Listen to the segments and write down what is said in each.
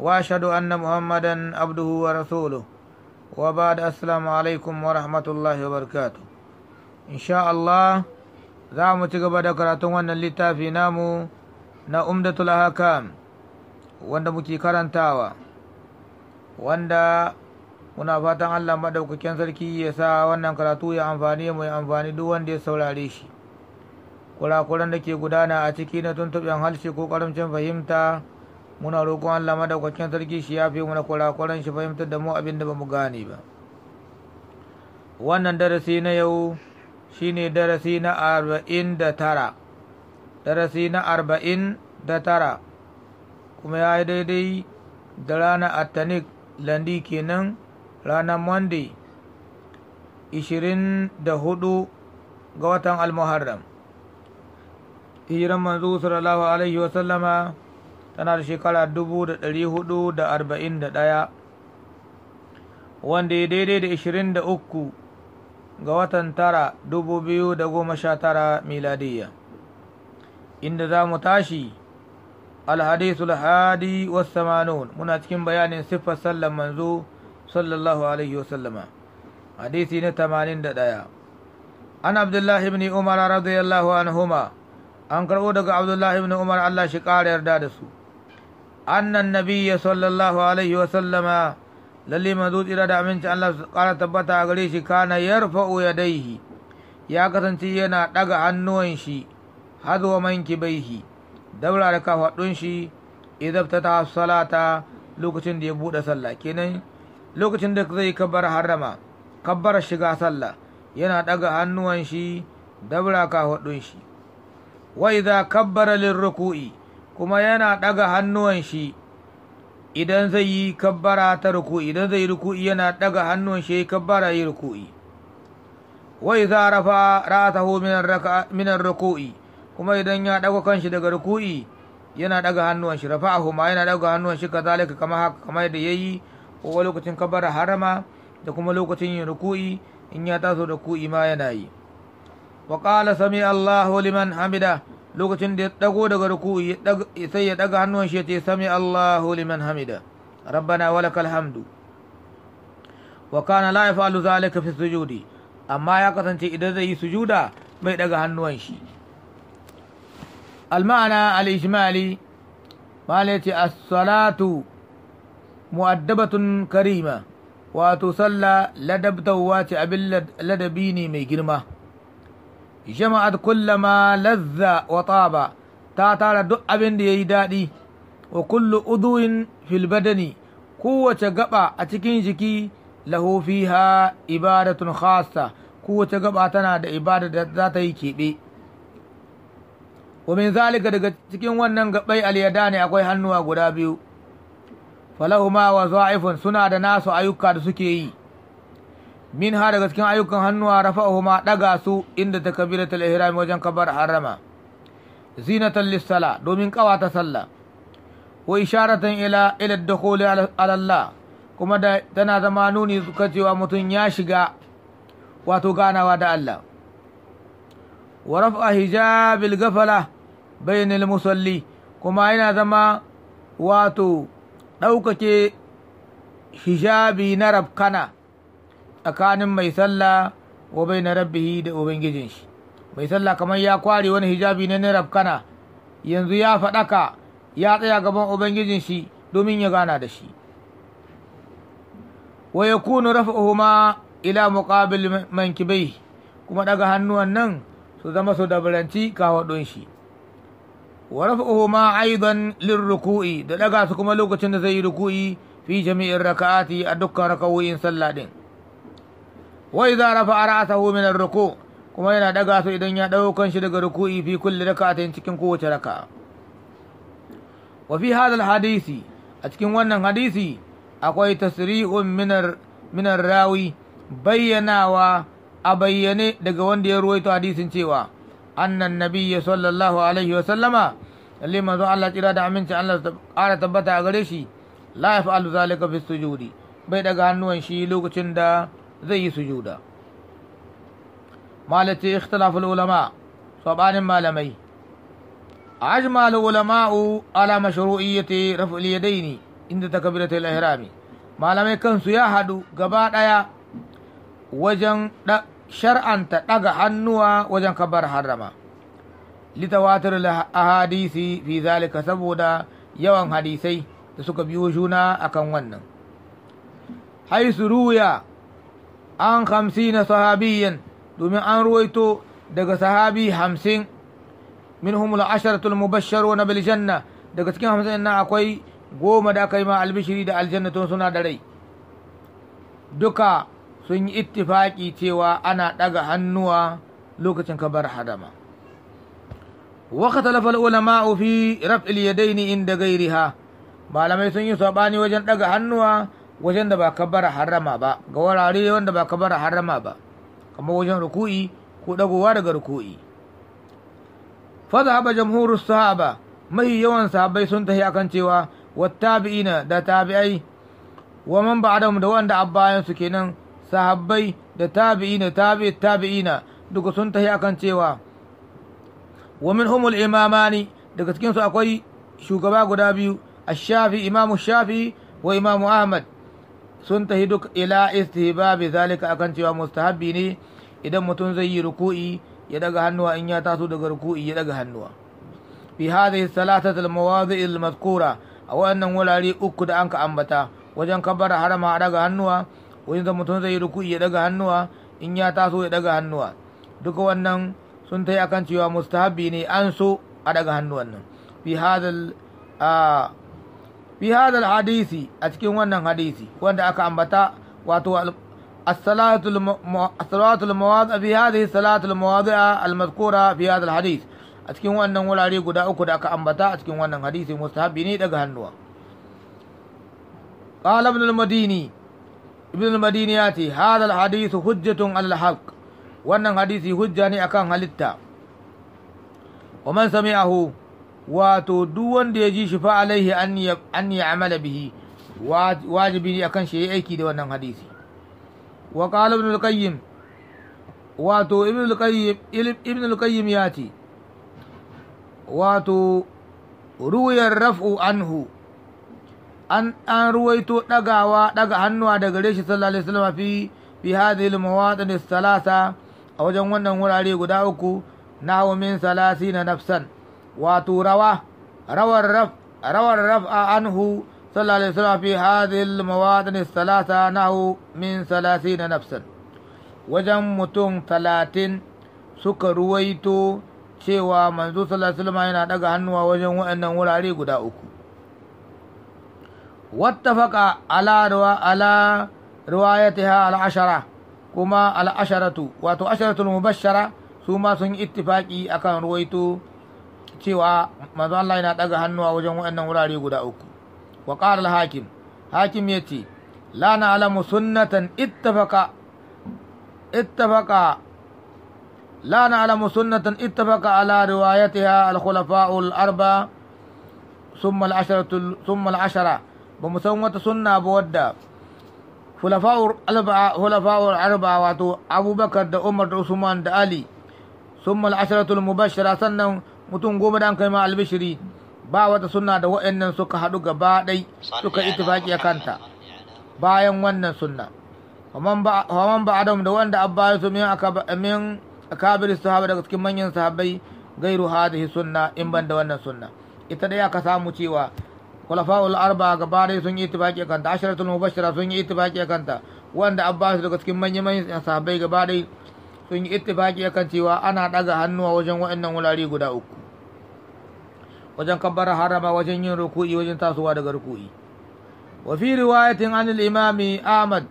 Wa واشهد ان محمدا عبده ورسوله وبعد aslamu alaikum wa rahmatullahi wa barakatuh insha Allah za mu ci gaba da karatun wannan littafi namu na umdatul hakam wanda muke karantawa wanda muna fatan Allah madaukakin sarki ya sa wannan karatu ya amfani mu ya amfani duk wanda ya saurare shi kurakuran da ke gudana a ciki na tuntuɓen harshe ko karamcin fahimta muna roƙon da madaukakin sarki shi ya fi mana kurakuran shi fahimtar da mu abin da mu gane ba wannan darasi na yau shi ne darasi na arba'in da tara darasi na arba'in da tara kuma ya yi daidai da ranar atanik landi kenan ranar monday ishirin hudu ga watan almuharram hijiran manzo sallallahu alaihi wasallama tana da shekara dubu da da da hudu arba'in ɗaya wanda ya daidai da ishirin da uku ga watan tara tara miladiyya inda za mu tashi alhadisul wasu wasamanun muna cikin bayanin siffar sallan manzo sallallahu alaihi wasallama hadisi na tamanin da ɗaya. an abdullahi ibn umar radiyallahu anhuma an karɓo daga abdullahi ibn umar allah shi ƙara yarda da su annan nabiyya sallallahu alaihi wa sallama lalle manzo tsira da aminci Allah su kara tabbata a gare shi kana yarfa'u yadaihi ya kasance yana ɗaga hannuwan shi hadwa mankibaihi daura da kafadun shi idan ta ta salata lokacin da ya bude sallah kenan lokacin da zai kabbar harama kabbar shiga sallah yana ɗaga hannuwan shi daura kafadun shi wa idza kabbara lirruku'i kuma yana ɗaga hannuwan shi idan zai yi kabbara ta ruku'i idan zai yi ruku'i yana ɗaga hannuwan shi kabbara yi ruku'i wa idza rafa ra'atahu min ruku'i kuma idan ya ɗaga kanshi daga ruku'i yana ɗaga hannuwan shi rafa'ahu ma yana ɗaga hannuwan shi kazalika kama haka kamar da yayi ko lokacin kabbara harama da kuma lokacin yin ruku'i in ya taso ruku'i ma yana yi wa qala sami Allahu liman hamida lokacin da ya ɗago daga rukuu sai ya ɗaga hannun shi ya ce sami Allahu liman hamida rabbana walakal hamdu wa kana la yaf'alu zalika fi sujudi amma ya kasance idan zai yi sujuda bai ɗaga hannuwan shi al-ma'ana al-ijmali malati as-salatu mu'addabatun karima wato sallah ladabtawa ce abin ladabi ne mai girma jama'at kullama lazza wa taba ta tara duk abin da yayi daɗi wa kullu uduin fil badani kowace gaba a cikin jiki lahu fiha ibadatun khassa kowace gaba tana da ibada da za ta yi keɓe wa min zalika daga cikin wannan gabai alyada ne akwai hannuwa guda biyu falahuma wa za'ifun suna da nasu ayyuka da suke yi min ha daga cikin ayyukan hannuwa rafa'uhu ma ɗaga su inda ta ta ihram wajen kabar harama zinatan lissala domin kawata sallah wa isharatan ila ila dukhuli ala Allah kuma da tana zama nuni suka cewa mutum ya shiga wato ganawa da Allah wa raf'a hijabil gafala bainal musalli kuma yana zama wato ɗaukake hijabi na rabkana tsakanin mai sallah wa bai na rabbihi da ubangijin shi mai sallah kamar ya kware wani hijabi ne na rafkana yanzu ya faɗaka ya tsaya gaban ubangijin shi domin ya gana da shi wa ya rafa ohuma ila muqabil mankibai kuma daga hannuwan nan su zama su dabaranci kawadon shi wa rafa'uhuma aidan lirruku'i da daga su kuma lokacin da zai yi ruku'i fi jami'in raka'ati a dukkan raka'o'in sallah din Wai za rafa'a ra'sahu min ar-ruku kuma yana daga su idan ya daukan shi daga ruku'i fi kulli katin cikin kowace raka. wa fi hadha hadisi a cikin wannan hadisi akwai tasri'un minar minar rawi bayyanawa a bayyane daga wanda ya ruwaito hadisin cewa annan nabiyya sallallahu alaihi wa sallama lalle manzo Allah tsira da aminci Allah ƙara tabbata a gare shi la yaf'alu zalika fi sujudi bai daga hannuwan shi lokacin da zai yi sujuda malati ikhtilaful ulama sabanin malamai ajmal ulama'u ala mashru'iyyati raf'il yadaini inda da ta takbiratul ihrami malamai kansu ya haɗu gaba ɗaya. wajen shar'anta ɗaga hannuwa wajen kabar harrama litawatir ahadisi fi zalika saboda yawan hadisai da suka biyo juna akan wannan haisu ruya an hamsi na sahabiyan domin an ruwaito daga sahabi hamsin min humul asharatul mubashsharo na biljanna daga cikin hamsin nan akwai goma da aka yi ma albishiri da aljannatun suna da rai duka sun yi ittifaki cewa ana ɗaga hannuwa lokacin kabar hadama واختلف ulama في رفع yadaini inda gairiha malamai sun yi saɓani wajen ɗaga hannuwa wajen da ba kabbara harrama ba ga wurare wanda ba kabbara harrama ba kamar wajen ruku'i ko dagowa daga ruku'i fa zahaba jamhuru sahaba mahi yawan sahabbai sun tafi akan cewa wattabi'ina da tabi'ai wa man ba'dahum da wanda abbayan su kenan sahabbai da tabi'ina tabi tabi'ina duka sun tafi akan cewa wa minhumul imamani daga cikin su akwai shugaba guda biyu ash-shafi imamu shafi wa imamu ahmad sun tahi duk ila bi zalika akan cewa mustahabbi ne idan mutum zai yi ruku'i ya daga hannuwa in ya taso daga ruku'i ya daga hannuwa fi hadhihi salatati al almadhkura a wannan wurare uku da anka ambata wajen kabbara harama a daga hannuwa wajen da mutum zai yi ruku'i ya daga hannuwa in ya taso ya daga hannuwa duka wannan sun tayi akan cewa mustahabbi ne an so a daga hannuwan nan fi hadal a fi hadal hadisi a cikin wannan hadisi wanda aka ambata wato as-salatul mawadi fi hadhihi salatul mawadi al-madhkura fi hadal hadis a cikin wannan wurare guda uku da aka ambata a cikin wannan hadisi mustahabi ne daga hannuwa قال ابن المديني madini المديني ياتي هذا الحديث حجة على الحق wannan hadisi hujja ne akan halitta wa man sami'ahu wato duk wanda ya ji shi fa alaihi an ya amala bihi wajibi ne akan shi ya aiki da wannan hadisi wa qala ibn al-qayyim wato ibn al-qayyim ibn al-qayyim ya ce wato ruwayar raf'u anhu an an ruwaito dagawa daga hannuwa daga gare shi sallallahu alaihi wasallam fi fi hadhihi al-mawadin thalatha a wajen wannan wurare guda uku na min na nafsan wato rawa rawar raf rawar raf a anhu sallallahu alaihi wasallam fi hadhihi almawadin salasa nahu min 30 nafsan wajen mutum talatin suka ruwaito cewa manzo sallallahu alaihi yana daga hannuwa wajen waɗannan wurare guda uku wattafaqa ala ala riwayatiha al-ashara kuma al-asharatu wato asharatul mubashshara su ma sun ittifaqi akan ruwaito cewa manzo Allah yana daga hannu a wajen waɗannan wurare guda uku wa qala hakim hakim yace la na'lamu sunnatan ittafaqa ittafaqa la na'lamu sunnatan ittafaqa ala riwayatiha al-khulafa'u al-arba thumma al-asharatu thumma al-ashara ba mu san wata sunna ba wadda khulafa'u al-arba wato abubakar da umar da usman da ali thumma al-asharatu al-mubashshira sannan mutum goma da kai ma albishiri ba wata sunna da waɗannan suka haɗu gaba ɗai suka ittifaki a kanta bayan wannan sunna waman ba adam da wanda abba su min min akabir sahaba daga cikin manyan sahabbai gairu hadhihi sunna in ban da wannan sunna ita dai aka samu cewa kulafa'ul arba gaba dai sun yi ittifaki a kanta asharatul mubashira sun yi ittifaki a kanta wanda abba su daga cikin manyan manyan sahabbai gaba dai sun yi ittifaki kan cewa ana ɗaga hannuwa wajen waɗannan wurare guda uku wajen kabbara harama wajen yin ruku'i wajen tasowa daga ruku'i wa fi riwayatin an imami ahmad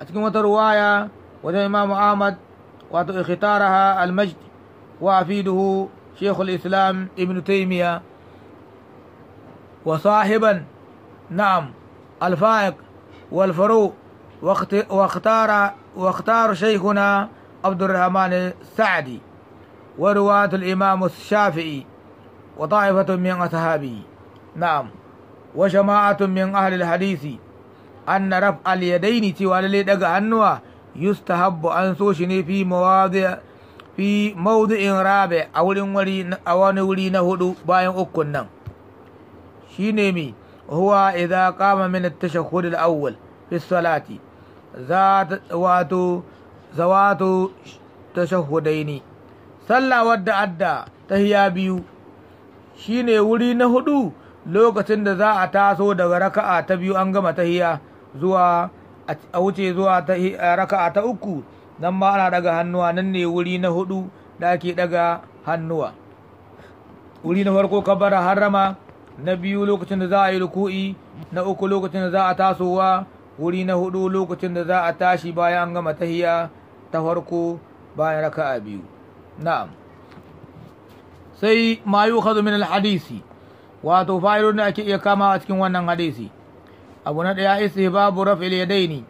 a cikin wata ruwaya wajen imamu ahmad wato ikhtaraha al-majd wa afiduhu shaykhul islam ibn taymiya wa sahiban na'am al-fa'iq wal furu واختار واختار شيخنا عبد الرحمن السعدي ورواة الإمام الشافعي وطائفة من أصحابه نعم وجماعة من أهل الحديث أن رفع اليدين توالي دقا أنوا يستحب أن سوشني في مواضع fi maudu'in rabe a wurin wuri wani wuri na hudu bayan ukun nan shine mi huwa idza qama min at-tashahhud al-awwal fi salati za wato wadda adda tahiya biyu Shi ne wuri na hudu lokacin da za a taso daga raka'a ta biyu an gama tahiya zuwa a wuce zuwa raka'a ta uku nan ma ana daga hannuwa nan ne wuri na hudu da ake daga hannuwa wuri na farko kabara harama. na biyu lokacin da za a yi ruku'i na uku lokacin da za a tasowa wuri na hudu lokacin da za a tashi bayan an gama tahiya ta farko bayan raka'a biyu na'am sai ma yukhadhu zumin alhadisi wato fa'ilun da ake iya kama a cikin wannan hadisi abu na daya istihbabu raf'il yadaini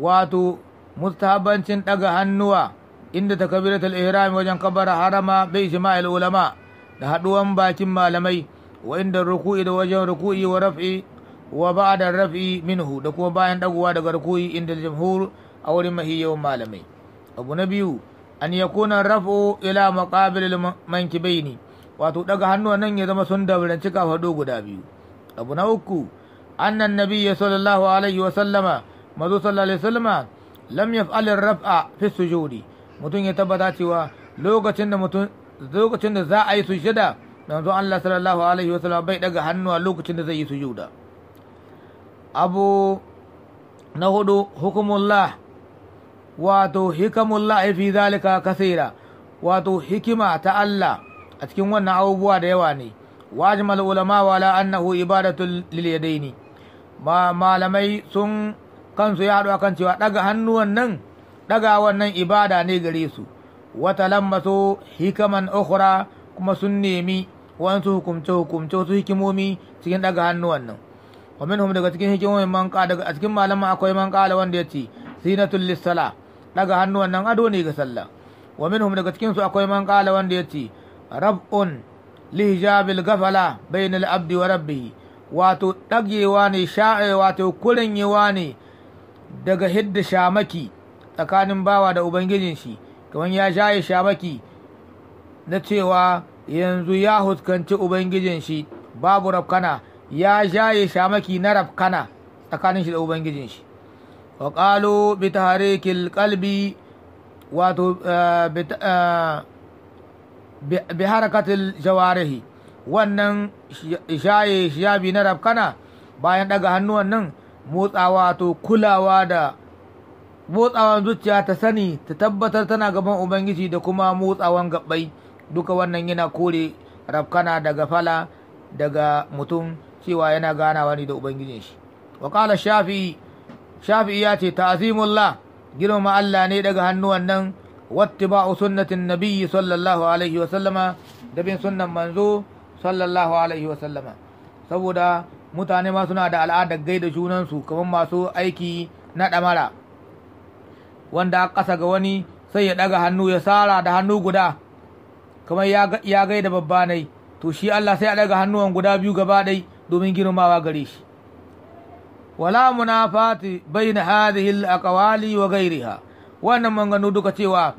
wato mustahabancin ɗaga hannuwa inda takabiratul ihram wajen kabara harama bai ijma'il ulama da haɗuwan bakin malamai wa inda ruku'i da wajen ruku'i wa raf'i wa ba'da raf'i minhu da kuma bayan daguwa daga ruku'i inda jamhur a wurin mahiyyawan malamai abu na biyu an yakuna raf'u ila bai mankibaini wato daga hannuwan nan ya zama sun dabranci kafaɗo guda biyu abu na uku annan nabiyya sallallahu alaihi wa sallama mazo sallallahu alaihi sallama!" lam yaf'al raf'a fi sujudi mutum ya tabbata cewa lokacin da mutum lokacin da za a yi sujuda manzo Allah sallallahu alaihi wa sallama bai daga hannuwa lokacin da zai yi sujuda abu na hudu hukumullah wato hikamullah fi zalika kasira wato hikima ta Allah a cikin wannan abubuwa da yawa ne wa ajmal ulama wala annahu ibadatul lil yadaini malamai sun kansu ya haɗu akan cewa ɗaga hannuwan nan ɗaga wannan ibada ne gare su wata lambato hikaman ukhra kuma sun nemi wasu hukumce hukumce wasu hikimomi cikin ɗaga hannuwan nan wa minhum daga cikin hikimomin man daga a cikin malaman akwai man kala wanda yace zinatul lisala ɗaga hannuwan nan ado ne ga sallah wa minhum daga cikin su akwai man kala wanda yace rab'un li jabil gafala bainal abdi wa rabbi wato ɗagewa ne sha'e wato kurinyewa ne daga hidda shamaki tsakanin bawa da ubangijin shi kamar ya shaye shamaki na cewa yanzu ya huskanci ubangijin shi babu rafkana ya shaye shamaki na rafkana tsakanin shi da ubangijin shi wa ƙalo bi tahrikil wato eh, eh, bi harakatul jawarihi wannan shaye shabi na rafkana bayan daga hannuwan nan motsawa to kulawa da motsawan zuciya ta sani ta tabbatar tana gaban ubangiji da kuma motsawan gabbai duka wannan yana kore rafkana daga fala daga mutum cewa yana ganawa ne da ubangijin shi kala shafi'i shafi ya ce ta'azimullah girmama Allah ne daga hannuwan nan واتباع سنة النبي صلى الله عليه وسلم دبين سنة saboda mutane ma suna da al'adar gaida junansu kamar masu aiki na ɗamara wanda ƙasa ga wani sai ya ɗaga hannu ya sara da hannu guda kamar ya gaida babba nai to shi Allah sai ya ɗaga hannuwan guda biyu gaba ɗai domin girmawa gare shi wala munafati bayna hadhihi al-aqwali wa ghayriha wannan manganu duka cewa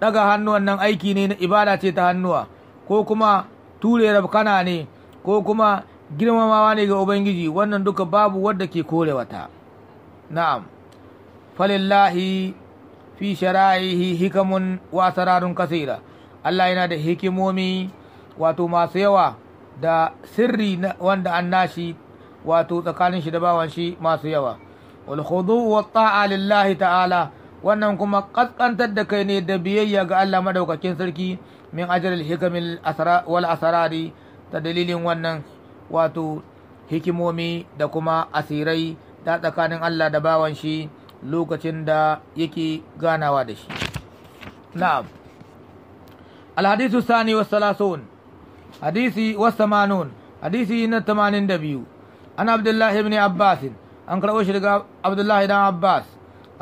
daga hannuwan nan aiki ne na ibada ce ta hannuwa ko kuma ture rabkana ne ko kuma girmamawa ne ga ubangiji wannan duka babu wadda ke kore wata na'am falillahi fi shara'ihi hikamun sararun kasira Allah yana da hikimomi wato masu yawa da sirri wanda an nashi wato tsakanin shi da bawan shi masu yawa wal khudu wa ta'a lillahi ta'ala wannan kuma kaskantar da kai ne da biyayya ga Allah madaukakin sarki min ajral hikamil wal asrari ta dalilin wannan wato hikimomi da kuma asirai ta tsakanin Allah da bawan shi lokacin da yake ganawa da shi na'am alhadisu sani wa salasun hadisi wa samanun hadisi na tamanin da biyu an abdullahi ibn abbas an karɓo shi daga abdullahi dan abbas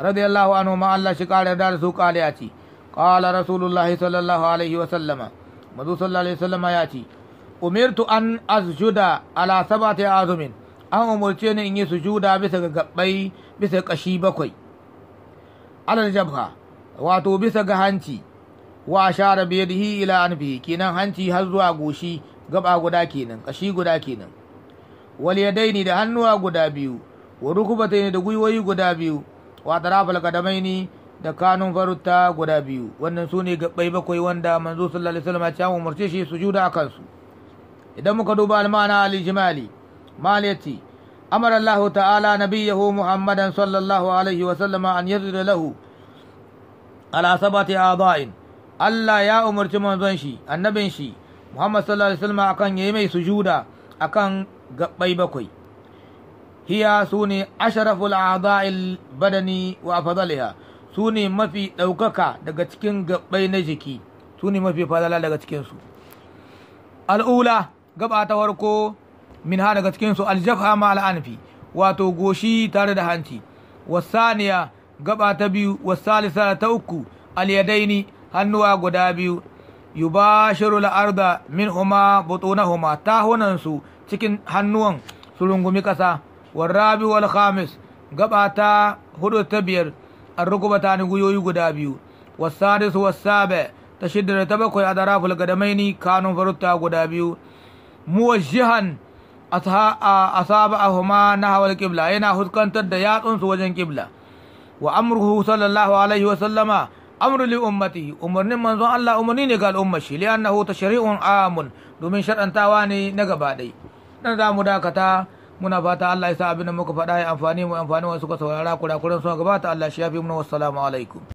radiyallahu anhu ma Allah shi kare da su kale ya ce qala rasulullah sallallahu alaihi wa sallama mazu sallallahu sallama ya ce umirtu an asjuda ala sabati azumin an umurce ni in yi sujuda bisa ga gabbai bisa kashi bakwai alal jabha wato bisa ga hanci wa share biyadihi ila anfihi kenan hanci har zuwa gushi gaba guda kenan kashi guda kenan wal yadaini da hannuwa guda biyu wa rukubataini da gwiwoyi guda biyu wa tarafal kadamaini da kanun farutta guda biyu wannan su ne gaɓɓai bakwai wanda manzo sallallahu alaihi wasallam ya umarce shi su sujuda a kansu idan muka duba almana al-jimali maliyati amara Allah ta'ala nabiyahu Muhammadan sallallahu alaihi wasallam an yazida lahu ala sabati a'dha'in Allah ya umarci manzon shi annabin shi Muhammad sallallahu alaihi wasallam akan yayi mai sujuda akan gaɓɓai bakwai hiya su ne asharaful a'dha'il badani wa fadaliha su ne mafi ɗaukaka daga cikin gaɓɓai na jiki su ne mafi fadala daga cikinsu al'ula gaba ta farko min ha daga cikinsu aljabha ma al'anfi wato goshi tare da hanci wasaniya gaba ta biyu wasalisa ta uku alyadaini hannuwa guda biyu shiru la'arda min huma butunahuma tahunansu cikin hannuwan su rungumi ƙasa والرابع والخامس قباتا هدو التبير الركبتان قيو يقدابيو والسادس والسابع تشدد تبقى أطراف القدمين كانوا فرطا قدابيو موجها آه، أصابعهما نحو القبلة ينا حسكن تد ياتون وجن قبلة وأمره صلى الله عليه وسلم أمر لأمته أمر نمان زوان الله أمني نقال أمشي لأنه تشريع عام دومين شرع تاواني نقبادي نظام داكتا muna fata Allah ya sa abin da muka faɗa ya amfani mu amfani wasu ka saurara kurakuran su gabata Allah shi ya fi mu wassalamu alaikum